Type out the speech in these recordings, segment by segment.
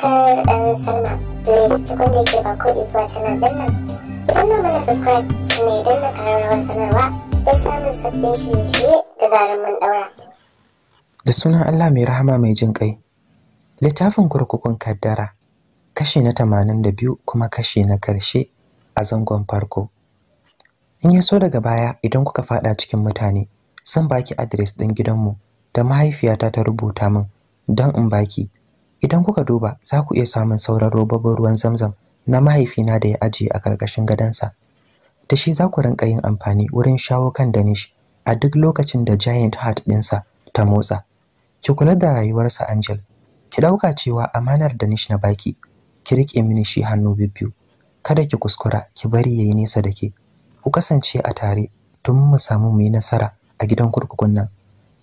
subscribe and sign up. Please tukun da yake ba ko zuwa canal din nan. Ki danna mana subscribe sannan idan na kararrawar sanarwa don samun sabbin shirye-shirye da zarar mun daura. Da sunan Allah mai rahama mai jin ƙai. Littafin kurkukun kaddara kashi na tamanin da biyu kuma kashi na ƙarshe a zangon farko. In ya so daga baya idan kuka faɗa cikin mutane, san baki adres ɗin gidanmu da mahaifiyata ta rubuta min don in baki idan kuka duba za ku iya samun sauran robobin ruwan zamzam na mahaifina da ya ajiye a ƙarƙashin gadonsa da shi za ku rinka yin amfani wurin shawo kan danish a duk lokacin da giant heart ɗinsa ta motsa ki kula da rayuwarsa angel ki ɗauka cewa amanar danish na baki ki riƙe mini shi hannu bibbiyu kada ki kuskura ki bari yayi nesa da ke ku kasance a tare tun mu samu mu yi nasara a gidan kurkukun nan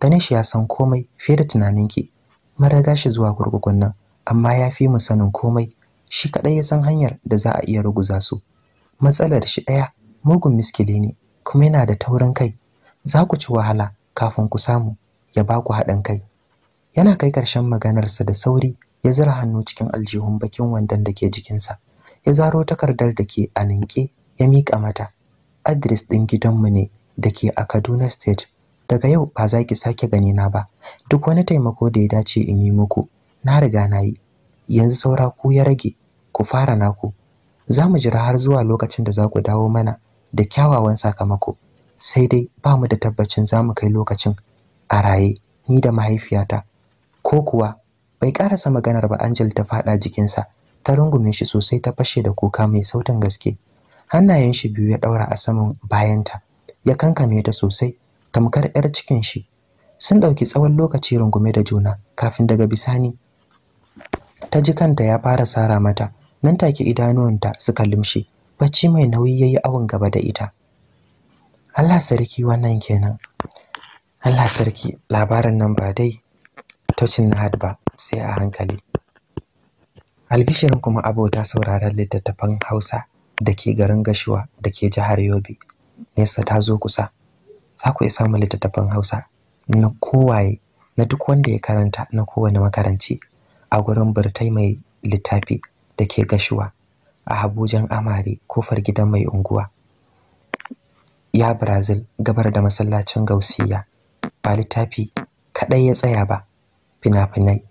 danish ya san komai fiye da tunaninki maraga gashi shi zuwa gurgugun nan amma ya fi mu sanin komai shi kaɗai ya san hanyar da za a iya ruguza su matsalar shi ɗaya mugun miskile ne kuma yana da taurin kai za ku ci wahala kafin ku samu ya ba ku haɗin kai yana kai ƙarshen maganarsa da sauri ya zira hannu cikin aljihun bakin wandon da ke jikinsa ya zaro takardar da ke a ninke ya mika mata adres ɗin gidanmu ne da ke a kaduna state daga yau ba za ki sake gani na ba duk wani taimako da ya dace in yi muku na riga na yi yanzu saura ku ya rage ku fara naku za mu jira har zuwa lokacin da za ku dawo mana da kyawawan sakamako sai dai ba mu da tabbacin za mu kai lokacin a raye ni da mahaifiyata ko kuwa bai karasa maganar ba Angel ta fada jikinsa ta rungume shi sosai ta fashe da kuka mai sautin gaske hannayen shi biyu ya daura a saman bayanta ya kankame ta sosai tamkar 'yar cikin shi sun ɗauki tsawon lokaci rungume da juna kafin daga bisani ta ji kanta ya fara sara mata nan take idanuwanta suka limshe bacci mai nauyi ya yi awon gaba da ita allah sarki wannan kenan allah sarki labarin nan ba dai taucin na ba sai a hankali albishirin kuma abota sauraron littattafan hausa da ke garin gashuwa da ke jihar yobe nesa ta zo kusa za ku iya samun littattafan Hausa na kowaye na duk wanda ya karanta na kowane makaranci a gurin Burtai mai littafi da ke gashuwa a Habujan Amare kofar gidan mai unguwa. Ya Brazil gabar da masallacin Gausiya ba littafi kaɗai ya tsaya ba fina-finai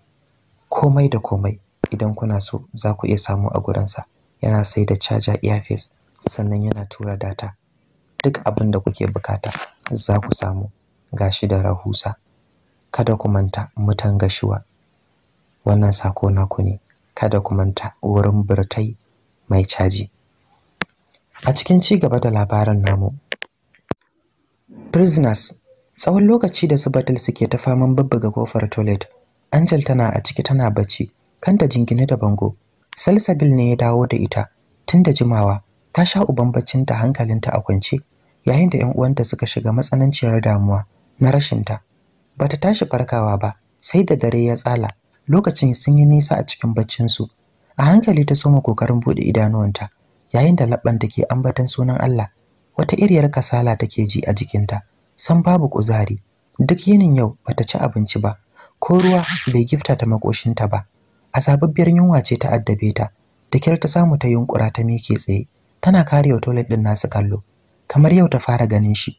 komai da komai idan kuna so za ku iya samu a gurinsa yana sai da caja earpiece sannan yana tura data duk abin da kuke bukata za ku samu gashi da rahusa kada ku manta mutan gashiwa wannan sako naku ne kada ku manta wurin birtai mai caji a cikin ci gaba da labaran namu prisoners tsawon lokaci da su batil suke ta faman ga kofar toilet angel tana a ciki tana bacci kanta jingine da bango salsabil ne ya dawo da ita tun da jimawa ta sha uban baccinta hankalinta a kwance yayin da 'yan uwanta suka shiga matsananciyar damuwa na rashinta bata tashi farkawa ba sai da dare ya tsala lokacin sun yi nisa a cikin baccinsu a hankali ta soma kokarin buɗe idanuwanta yayin da labban take ambatan sunan Allah wata iriyar kasala take ji a jikinta san babu kuzari duk yinin yau bata ci abinci ba ko ruwa bai gifta ta makoshinta ba a sababbiyar yunwa ce ta addabe ta da kyar ta samu ta yunkura ta miƙe tsaye tana kare wa toilet din nasu kallo kamar yau ta fara ganin shi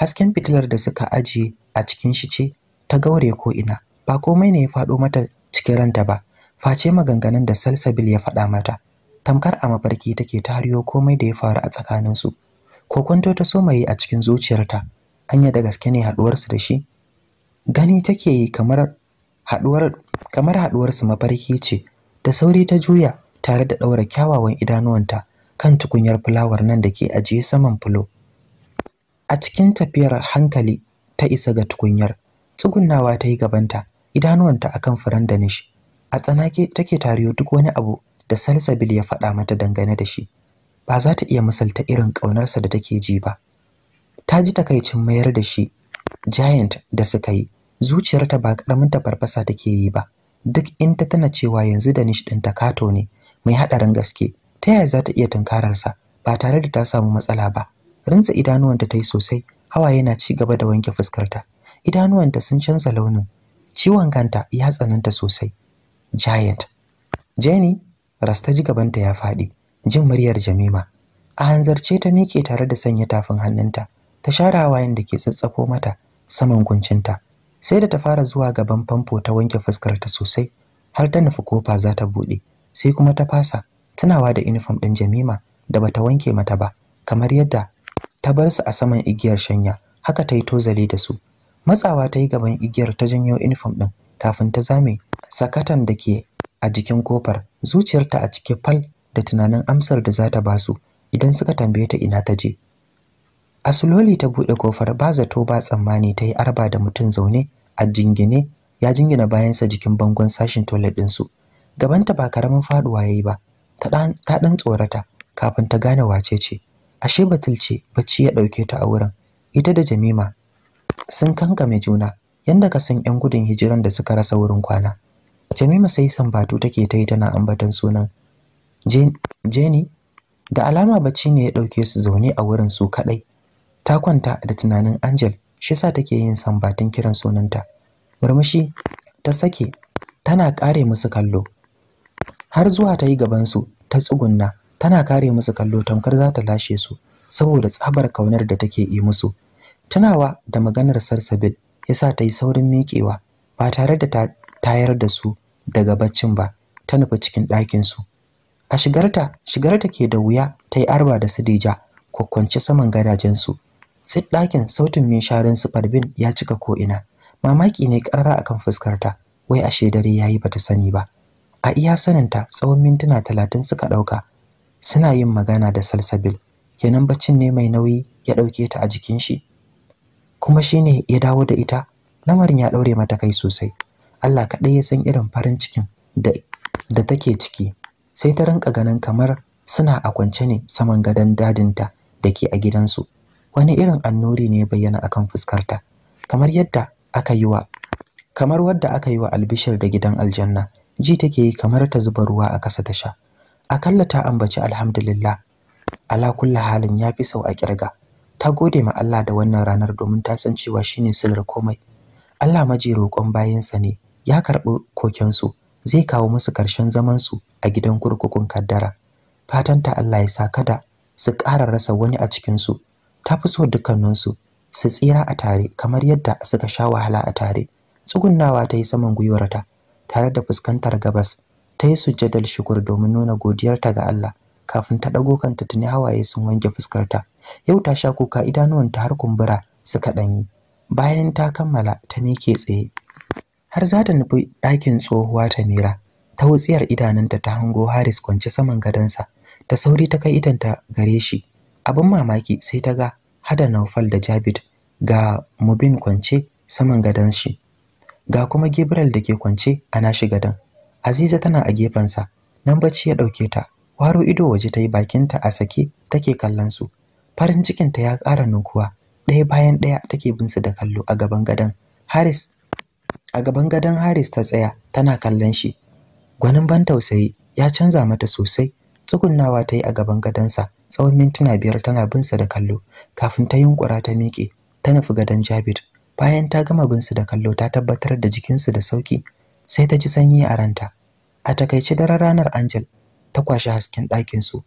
hasken fitilar da suka ajiye a cikin shi ce ta gaure ko ina ba komai ne ya faɗo mata cikin ranta ba face maganganun da salsabil ya faɗa mata tamkar a mafarki take ta hariyo komai da ya faru a tsakaninsu kokonto ta so mai a cikin zuciyarta anya da gaske ne haɗuwarsu da shi gani take yi kamar haɗuwar kamar haɗuwarsu mafarki ce da sauri ta juya tare da ɗaura kyawawan idanuwanta kan tukunyar fulawar nan da ke ajiye saman fulo a cikin tafiyar hankali ta isa ga tukunyar tsugunnawa ta yi gabanta idanuwanta akan furen da nishi a tsanake take tariyo duk wani abu da salsabil ya faɗa mata dangane da shi ba za ta iya misalta irin ƙaunarsa da take ji ba ta ji takaicin mayar da shi giant da suka yi zuciyarta ba ƙaramin tafarfasa take yi ba duk in ta tana cewa yanzu da nish ɗin takato ne mai haɗarin gaske ta yaya za ta iya tunkararsa ba tare da ta samu matsala ba rinsa idanuwanta ta yi sosai hawaye na ci gaba da wanke fuskarta idanuwanta sun canza launin ciwon kanta ya tsananta sosai giant jenny rasta ji gabanta ya faɗi jin muryar jamima a hanzarce ta miƙe tare da sanya tafin hannunta ta share hawayen da ke tsatsafo mata saman kuncinta sai da ta fara zuwa gaban famfo ta wanke fuskarta sosai har ta nufi kofa za ta buɗe sai kuma ta fasa tunawa da uniform ɗin jamima da bata wanke mata ba kamar yadda ta bar su a saman igiyar shanya haka ta yi tozali da su matsawa ta yi gaban igiyar ta janyo uniform ɗin kafin ta zame sakatan da ke a jikin kofar zuciyarta a cike fal da tunanin amsar da za ta ba su idan suka tambaye ta ina ta je asuloli ta buɗe kofar ba zato ba tsammani ta yi arba da mutum zaune a jingine ya jingina bayansa jikin bangon sashin toilet ɗinsu gabanta ba karamin faduwa ya yi ba ta ɗan tsorata kafin ta gane wace ce ashe batul ce bacci ya dauke ta a wurin ita da jamima sun kankame juna yanda ka san 'yan gudun hijiran da suka rasa wurin kwana jamima sai sambatu take ta yi tana ambatan sunan jeni da alama bacci ne ya dauke su zaune a wurin su kaɗai ta kwanta da tunanin angel shi sa take yin sambatun kiran sunanta murmushi ta sake tana kare musu kallo har zuwa ta yi gabansu ta tsugunna tana kare musu kallo tamkar za ta lashe su saboda tsabar kaunar da take yi musu tunawa da maganar sarsabil ya sa ta yi saurin miƙewa ba tare da ta tayar da su daga baccin ba ta nufi cikin ɗakin su a shigarta shigarta ke da wuya ta yi arba da sidija, kwakwanci saman su tsit ɗakin sautin minsharin su farbin ya cika ko'ina mamaki ne ƙarara akan fuskarta wai ashe dare yayi bata sani ba a iya saninta tsawon mintuna talatin suka ɗauka suna yin magana da salsabil kenan baccin ne mai nauyi ya ɗauke ta a jikin shi kuma shine ya dawo da ita lamarin ya ɗaure mata kai sosai Allah kaɗai ya san irin farin cikin da da take ciki sai ta rinka ganin kamar suna a kwance ne saman gadon dadinta da ke a gidansu wani irin annuri ne bayyana akan fuskarta kamar yadda aka yi kamar wadda aka yi wa albishir da gidan aljanna ji take yi kamar ta zuba ruwa a kasa ta sha akalla ta ambaci alhamdulillah ala kulli halin ya fi sau a kirga ta gode ma Allah da wannan ranar domin ta san cewa shine silar komai Allah maji roƙon bayansa ne ya karɓi kokensu zai kawo musu ƙarshen su a gidan kurkukun kaddara ta Allah ya sa kada su ƙara rasa wani a cikinsu ta fi so dukkaninsu su tsira a tare kamar yadda suka sha wahala a tare tsugunnawa ta yi saman gwiwarta tare da fuskantar gabas ta yi sujjadar shukur domin nuna godiyarta ga Allah kafin ta ɗago kanta tuni hawaye sun wanke fuskarta yau ta sha kuka idanuwanta har kumbura suka ɗanyi bayan ta kammala ta miƙe tsaye har za ta nufi ɗakin tsohuwa ta mira ta wutsiyar idanunta ta hango haris kwance saman gadonsa ta sauri ta kai idanta gare shi abin mamaki sai ta ga hada naufal da jabit ga mubin kwance saman gadon shi ga kuma Gabriel da ke kwance a nashi gadon. Aziza tana a gefensa, nan bacci ya ɗauke ta. Waro ido waje ta yi bakinta a sake take kallon su. Farin cikinta ya ƙara nukuwa. Ɗaya bayan ɗaya take bin su da kallo a gaban gadon. Haris a gaban gadon Haris ta tsaya tana kallon shi. Gwanin ban tausayi ya canza mata sosai. Tsugunnawa ta yi a gaban gadonsa tsawon mintuna biyar tana bin sa da kallo kafin ta yunkura ta miƙe ta nufi gadon Jabir. Bayan ta gama bin su da kallo ta tabbatar da jikinsu da sauki sai ta ji sanyi a ranta. a takaice daren ranar angel ta kwashi hasken ɗakinsu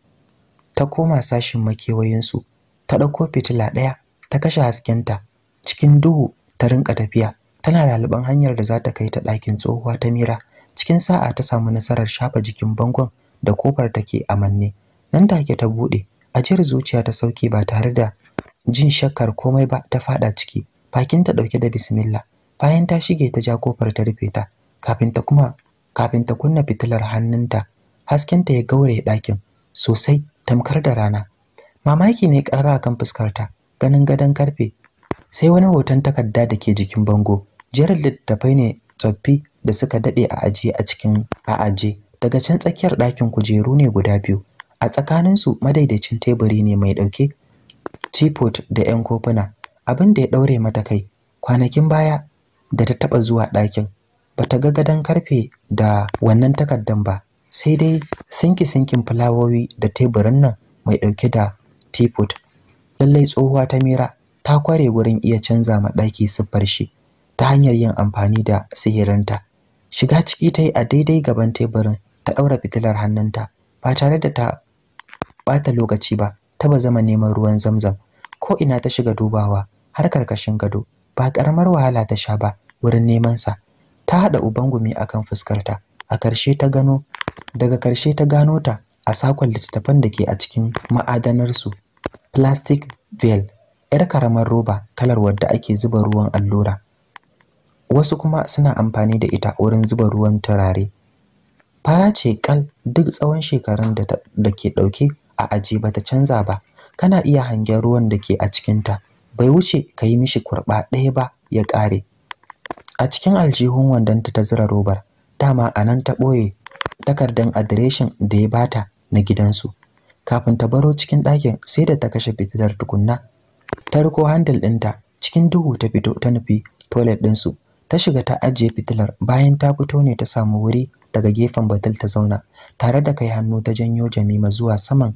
ta koma sashin makewayinsu ta ɗauko fitila ɗaya ta kashe haskenta cikin duhu ta rinka tafiya tana laliban hanyar da za ta kai ta ɗakin tsohuwa ta mira cikin sa'a ta samu nasarar shafa jikin bangon da kofar take a manne nan take ta buɗe ajiyar zuciya ta sauke ba tare da jin shakkar komai ba ta faɗa ciki bakinta ɗauke da bismillah bayan ta shige ta ja kofar ta rufe ta kafin ta kuma kafin ta kunna fitilar hannunta haskenta ya gaure ɗakin sosai tamkar da rana mamaki ne ƙarara kan fuskarta ganin gadon karfe sai wani hoton takarda da ke jikin bango jerin littattafai ne tsoffi da suka daɗe a ajiye a cikin a aje daga can tsakiyar ɗakin kujeru ne guda biyu a tsakaninsu madaidaicin teburi ne mai ɗauke teapot da 'yan kofuna abin da ya ɗaure mata kai kwanakin baya da ta taɓa zuwa ɗakin bata ga gadon karfe da wannan takardan ba sai dai sinki sinkin fulawowi da teburin nan mai dauke da teapot lallai tsohuwa ta mira ta kware wurin iya canza ma ɗaki siffar shi ta hanyar yin amfani da sihirinta shiga ciki ta yi a daidai gaban teburin ta ɗaura fitilar hannunta ba tare da ta ɓata lokaci ba ta ba zama neman ruwan zamzam ko ina ta shiga dubawa har karkashin gado ba ƙaramar wahala ta sha ba wurin neman sa ta haɗa ubangumi akan fuskarta a karshe ta gano daga karshe ta gano ta a sakon littattafan da ke a cikin ma'adanarsu plastic veil yar karamar roba kalar wadda ake zuba ruwan allura wasu kuma suna amfani da ita wurin zuba ruwan turare fara ce kal duk tsawon shekarun da ke ɗauke a aji bata canza ba kana iya hangen ruwan da ke a cikinta bai wuce ka yi mishi kurɓa ɗaya ba ya ƙare a cikin aljihun wandonta ta zira robar dama a nan ta ɓoye takardar adireshin da ya bata na gidansu kafin ta baro cikin ɗakin sai da ta kashe fitilar tukunna ta riko handle ɗinta cikin duhu ta fito ta nufi toilet ɗinsu ta shiga ta ajiye fitilar bayan ta fito ne ta samu wuri daga gefen batul ta zauna tare da kai hannu ta janyo jamima zuwa saman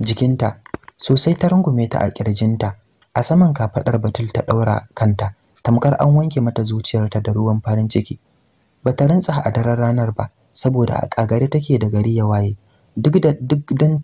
jikinta sosai ta rungume ta a kirjinta a saman kafaɗar batul ta ɗaura kanta tamkar an wanke mata zuciyarta da ruwan farin ciki Ba ta rantsa a daren ranar ba saboda a kagare take da gari ya waye duk dan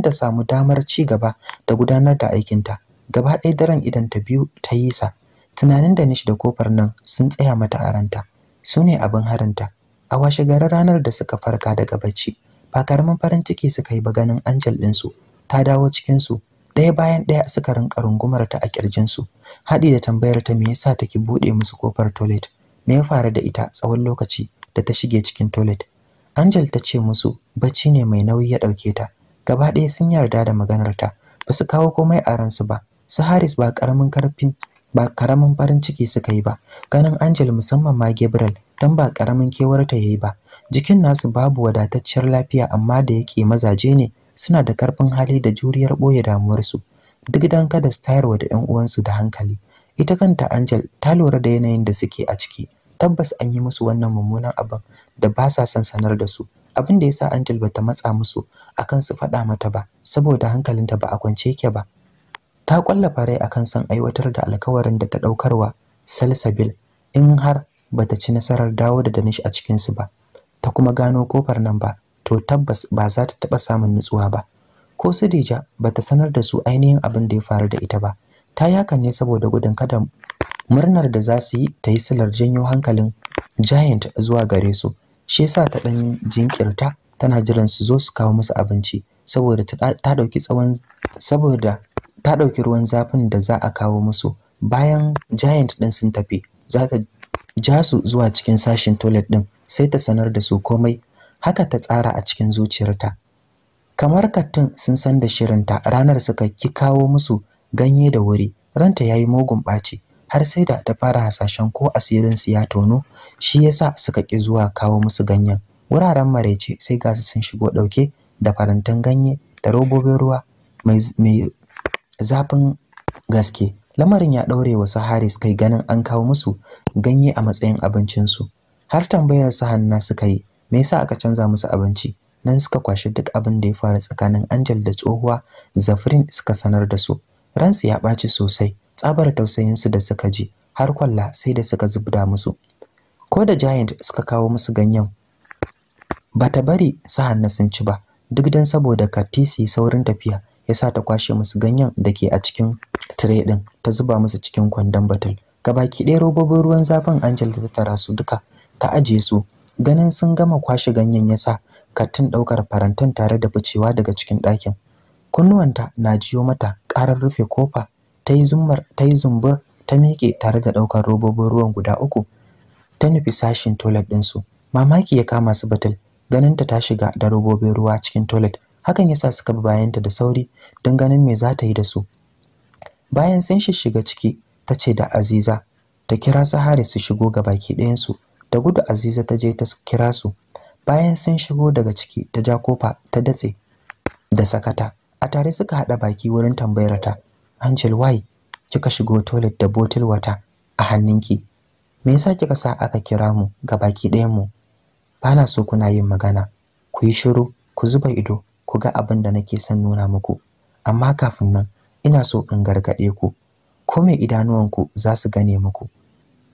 ta samu damar ci gaba da gudanar da aikinta gaba ɗaya daren idan ta biyu ta yi sa tunanin da nishi da kofar nan sun tsaya mata a ranta su ne abin harinta a washe garin ranar da suka farka daga bacci ba karamin farin ciki suka yi ba ganin angel ɗinsu ta dawo cikinsu ɗaya bayan ɗaya suka rinka rungumar ta a kirjinsu haɗi da tambayar ta me yasa take buɗe musu kofar toilet me ya faru da ita tsawon lokaci da ta shige cikin toilet Angel ta ce musu bacci ne mai nauyi ya ɗauke ta gaba ɗaya sun yarda da maganar ta ba su kawo komai a ransu ba su Haris ba karamin karfin ba karamin farin ciki suka yi ba ganin Angel musamman ma Gabriel dan ba karamin kewar ta yayi ba jikin nasu babu wadatacciyar lafiya amma da yake mazaje ne suna da karfin hali da juriyar ɓoye damuwarsu duk dan kada su tayarwa da 'yan uwansu da hankali ita kanta Angel ta lura da yanayin da suke a ciki tabbas an yi musu wannan mummunan abin da ba sa son sanar da su abin da ya sa Angel bata matsa musu akan su faɗa mata ba saboda hankalinta ba a kwance yake ba ta kwallafa rai akan son aiwatar da alkawarin da ta ɗaukarwa Salsabil in har bata ci nasarar dawo da Danish a cikinsu ba ta kuma gano kofar nan ba to tabbas ba za ta taɓa samun nutsuwa ba ko su Dija ba ta sanar da su ainihin abin da ya faru da ita ba ta yi hakan ne saboda gudun kada murnar da za su yi ta yi silar janyo hankalin giant zuwa gare su shi yasa ta ɗan jinkirta tana jiran su zo su kawo musu abinci saboda ta ɗauki tsawon saboda ta ɗauki ruwan zafin da za a kawo musu bayan giant ɗin sun tafi za ta ja su zuwa cikin sashin toilet ɗin sai ta sanar da su komai haka ta tsara a cikin zuciyarta kamar kattun sun san da shirinta ranar suka ki kawo musu ganye da wuri ranta ya yi mugun ɓaci har sai da ta fara hasashen ko asirinsu ya tono shi ya sa suka ƙi zuwa kawo musu ganyen wuraren maraice sai gasu sun shigo ɗauke da farantan ganye da robobin ruwa mai zafin gaske lamarin ya ɗaure wasu haris kai ganin an kawo musu ganye a matsayin abincinsu har tambayar su hanna suka yi me yasa aka canza musu abinci nan suka kwashe duk abin da ya faru tsakanin Angel da tsohuwa Zafrin suka sanar da su ransu ya ɓaci sosai tsabar tausayin su da suka ji har kwalla sai da suka zubda musu ko da giant suka kawo musu ganyen ba ta bari su hannu sun ci ba duk dan saboda katisi saurin tafiya yasa ta kwashe musu ganyen da ke a cikin tire ɗin ta zuba musu cikin kwandon batul gabaki ɗaya robobin ruwan zafin angel ta tara duka ta ajiye su ganin sun gama kwashe ganyen yasa kattin ɗaukar farantan tare da ficewa daga cikin ɗakin kunnuwanta na jiyo mata ƙarar rufe kofa ta yi zumbur ta miƙe tare da ɗaukar robobin ruwan guda uku ta nufi sashin toilet su. mamaki ya kama su batul ganin ta ta shiga da robobin ruwa cikin toilet hakan yasa suka bi bayanta da sauri don ganin me za ta yi da su bayan sun shishiga ciki ta ce da aziza ta kira sahari su shigo ga baki ɗayansu da gudu aziza ta je ta kira su bayan sun shigo daga ciki ta ja kofa ta datse da sakata a tare suka haɗa baki wurin tambayar ta angel why kika shigo toilet da botil wata a hannunki me yasa kika sa aka kira mu ga baki ɗayan mu bana so kuna yin magana ku yi shiru ku zuba ido ku ga abin da nake son nuna muku amma kafin nan ina so in gargaɗe ku ko idanuwanku za su gane muku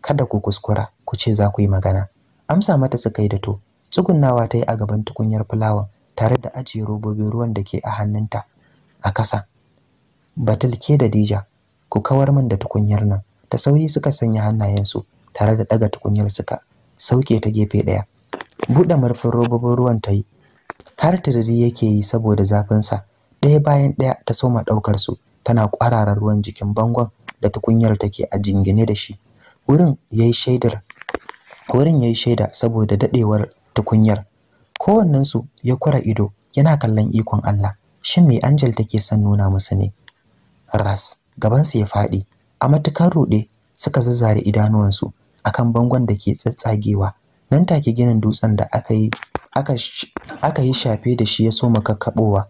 kada ku kuskura ku ce za ku yi magana amsa mata suka yi da to tsugunnawa ta yi a gaban tukunyar fulawan tare da ajiye robobin ruwan da ke a hannunta a kasa batul ke da dija ku kawar min da tukunyar nan ta sauyi suka sanya hannayensu tare da daga tukunyar suka sauke ta gefe daya buɗe murfin robobin ruwan ta yi har tiriri yake yi saboda zafinsa ɗaya bayan ɗaya ta soma ɗaukar su tana kwararar ruwan jikin bangon da tukunyar take a jingine da shi wurin yayi shaidar wurin yi shaida saboda daɗewar tukunyar kowannensu ya kura ido yana kallon ikon Allah shin me Angel take son nuna musu ne ras gabansu ya faɗi a matukar ruɗe suka zazzare idanuwansu akan bangon da ke tsatsagewa nan take ginin dutsen da aka yi shafe da shi ya soma kakkaɓowa.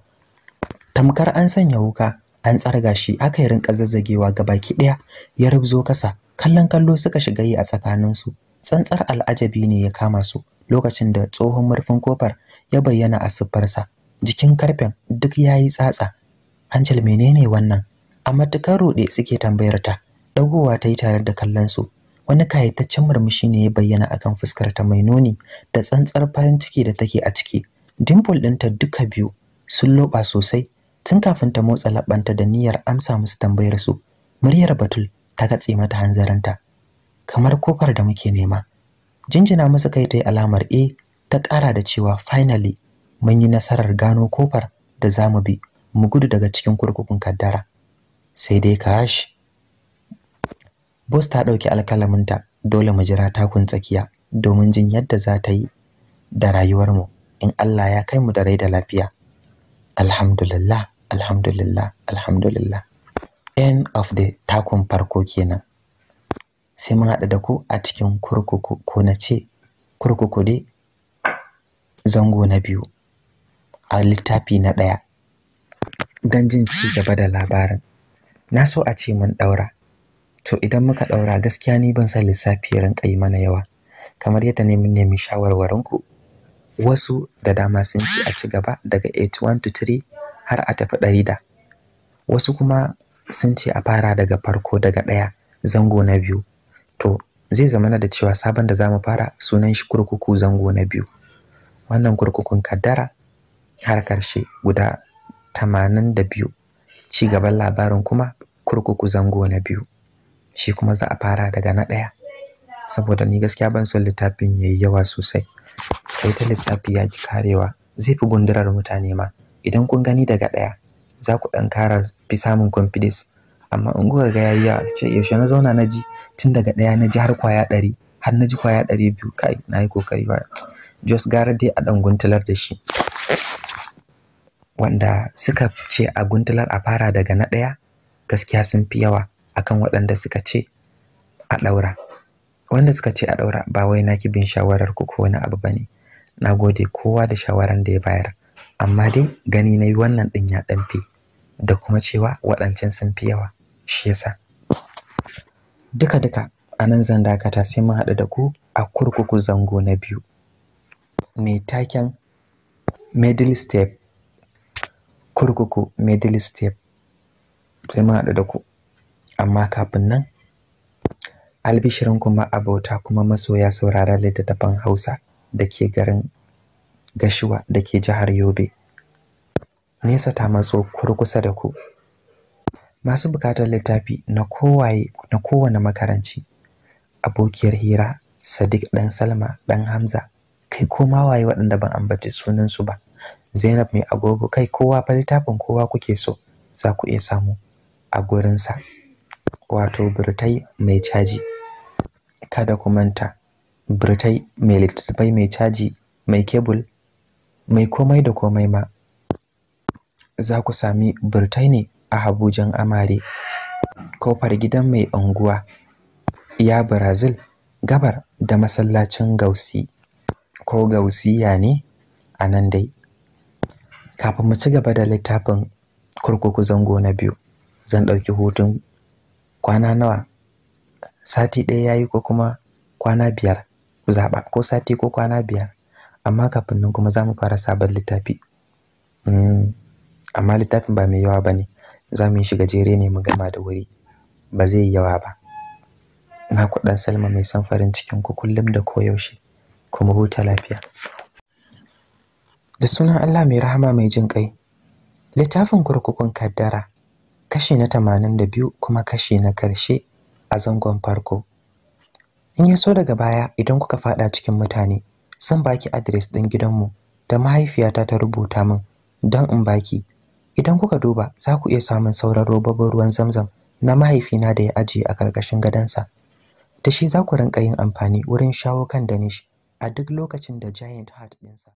tamkar an sanya wuka an tsarga shi aka yi rinka zazzagewa ga baki ɗaya ya rubzo kasa kallon kallo suka shiga yi a tsakaninsu tsantsar al'ajabi ne ya kama su lokacin da tsohon murfin kofar ya bayyana a siffarsa jikin karfen duk yayi yi tsatsa angel menene wannan a matukar ruɗe suke tambayar ta ɗagowa ta yi tare da kallon su wani kayataccen murmushi ne ya bayyana akan fuskar ta mai nuni da tsantsar farin ciki da take a ciki dimple ɗinta duka biyu sun loɓa sosai tun kafin ta motsa laɓanta da niyyar amsa musu tambayar su muryar batul ta katse mata hanzarinta kamar kofar da muke nema jinjina musu kai ta yi alamar e ta ƙara da cewa finally mun yi nasarar gano kofar da za mu bi mu gudu daga cikin kurkukun kaddara sai dai kash Bus ta ɗauki alkalaminta dole mu jira takun tsakiya domin jin yadda za ta yi da rayuwarmu in Allah ya kai mu da rai da lafiya alhamdulillah alhamdulillah alhamdulillah end of the takun farko kenan sai mun haɗu da ku a cikin kurkuku ko na ce kurkuku dai zango na biyu a littafi na ɗaya don jin ci gaba da labarin na so a ce mun ɗaura to idan muka ɗaura gaskiya ni ban san lissafi rinka yi mana yawa kamar yadda ne mun nemi shawarwarinku wasu da dama sun ci a ci gaba daga 81 to 3 har a tafi ɗari da wasu kuma sun ce a fara daga farko daga ɗaya zango na biyu to zai zama da cewa sabon da za mu fara sunan shi kurkuku zango na biyu wannan kurkukun kaddara har karshe guda 82 ci gaban labarin kuma kurkuku zango na biyu shi kuma za a fara daga na ɗaya saboda ni gaskiya ban son littafin yayi yawa sosai kai ta lissafi ya ki karewa zai fi gundurar mutane ma idan kun gani daga ɗaya za ku ɗan kara fi samun confidence amma in kuka ga yayi yawa ce yaushe na zauna na ji tun daga ɗaya na ji har kwaya ɗari har na ji kwaya ɗari biyu kai na yi kokari ba jos gara dai a ɗan guntular da shi wanda suka ce a guntular a fara daga na ɗaya gaskiya sun fi yawa akan waɗanda suka ce a ɗaura wanda suka ce a ɗaura ba wai na ki bin shawarar ku ko wani abu bane na gode kowa da shawaran da ya bayar amma dai gani na yi wannan ɗin ya ɗan da kuma cewa waɗancan sun fi yawa shi yasa duka duka a nan zan dakata sai mun haɗu da ku a kurkuku zango na biyu mai taken middle step kurkuku middle step sai mun haɗu da ku amma kafin nan albishirin kuma abota kuma masoya saurara littattafan hausa da ke garin gashuwa da ke jihar yobe nesa ta matso kurkusa da ku masu bukatar littafi na kowaye na kowane makaranci abokiyar hira sadiq dan salma dan hamza kai koma waye waɗanda ban ambaci sunansu ba zainab mai agogo kai kowa fa littafin kowa kuke so za ku iya samu a gurinsa wato Birtai mai caji kada ku manta birtai mai littattafai mai caji mai kebul mai komai da komai ma za ku sami Burtai a Habujan Amare, kofar gidan mai unguwa, ya Brazil, gabar da masallacin Gausi, ko Gausiya ne a nan dai. Kafin mu ci gaba da littafin kurkuku zango na biyu, zan ɗauki hutun kwana nawa, sati ɗaya ya yi ko kuma kwana biyar, ku zaɓa ko sati ko kwana biyar, amma kafin nan kuma za mu fara sabon littafi. Hmm. amma littafin ba mai yawa ba ne za mu yi shi gajere ne mu gama da wuri ba zai yi yawa ba na kuɗan salma mai son farin cikin ku kullum da koyaushe kuma huta lafiya da sunan allah mai rahama mai jin ƙai littafin kurkukun kaddara kashi na tamanin da biyu kuma kashi na karshe a zangon farko in ya so daga baya idan kuka fada cikin mutane san baki adres ɗin gidanmu da mahaifiyata ta rubuta min don in baki idan kuka duba za ku iya samun sauran robobin ruwan zamzam na mahaifina da ya ajiye a ƙarƙashin gadonsa da shi za ku rinƙa yin amfani wurin shawo kan danish a duk lokacin da giant heart ɗinsa